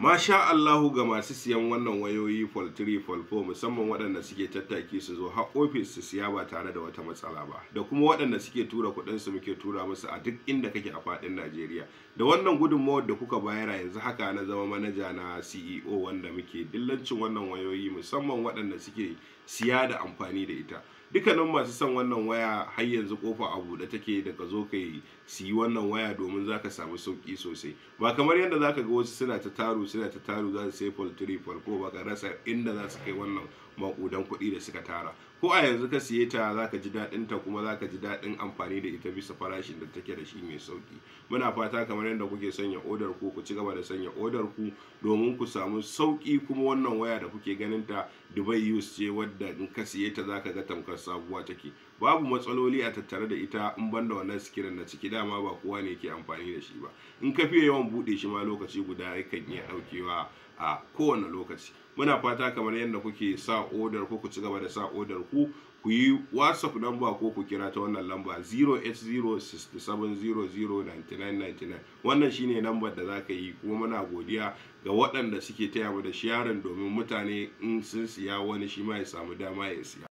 masha Allahu ga masu siyan wannan wayoyi fol 3 fol 4 musamman waɗanda suke tattaki su zo har ofis su siya ba tare da wata matsala ba da kuma waɗanda suke tura kuɗin su muke tura musu a duk inda kake a faɗin Najeriya da wannan gudunmawar da kuka bayar a yanzu haka na zama manaja na CEO wanda muke dillancin wannan wayoyi musamman waɗanda suke siya da amfani da ita dukkanin masu son wannan waya har yanzu kofa a buɗe take da ka zo ka yi yi wannan waya domin za ka samu sauki sosai ba kamar yadda za ka ga wasu suna ta taru suna ta taru za su sai poultry farko ba ka rasa inda za su kai wannan maƙudan kuɗi da suka tara ko a yanzu ka siye ta za ka ji daɗin ta kuma za ka ji daɗin amfani da ita bisa farashin da take da shi mai sauki muna fata kamar yadda kuke sanya odar ku ku ci gaba da sanya odar ku domin ku samu sauki kuma wannan waya da kuke ganin ta Dubai Use ce wadda in ka siye ta za ka ga tamkar sabuwa take babu matsaloli a tattare da ita in banda wannan sikirin na ciki dama ba kowa ne ke amfani da shi ba in ka fiye yawan bude shi ma lokaci guda yakan iya daukewa a kowane lokaci muna fata kamar yadda kuke sa odar ko ku ci gaba da sa odar ku ku yi whatsapp number ko ku kira ta wannan lamba 08067009999 wannan shine lambar da za ka yi kuma muna godiya ga waɗanda suke taya mu da sharing domin mutane in sun siya wani shi ma ya samu dama ya siya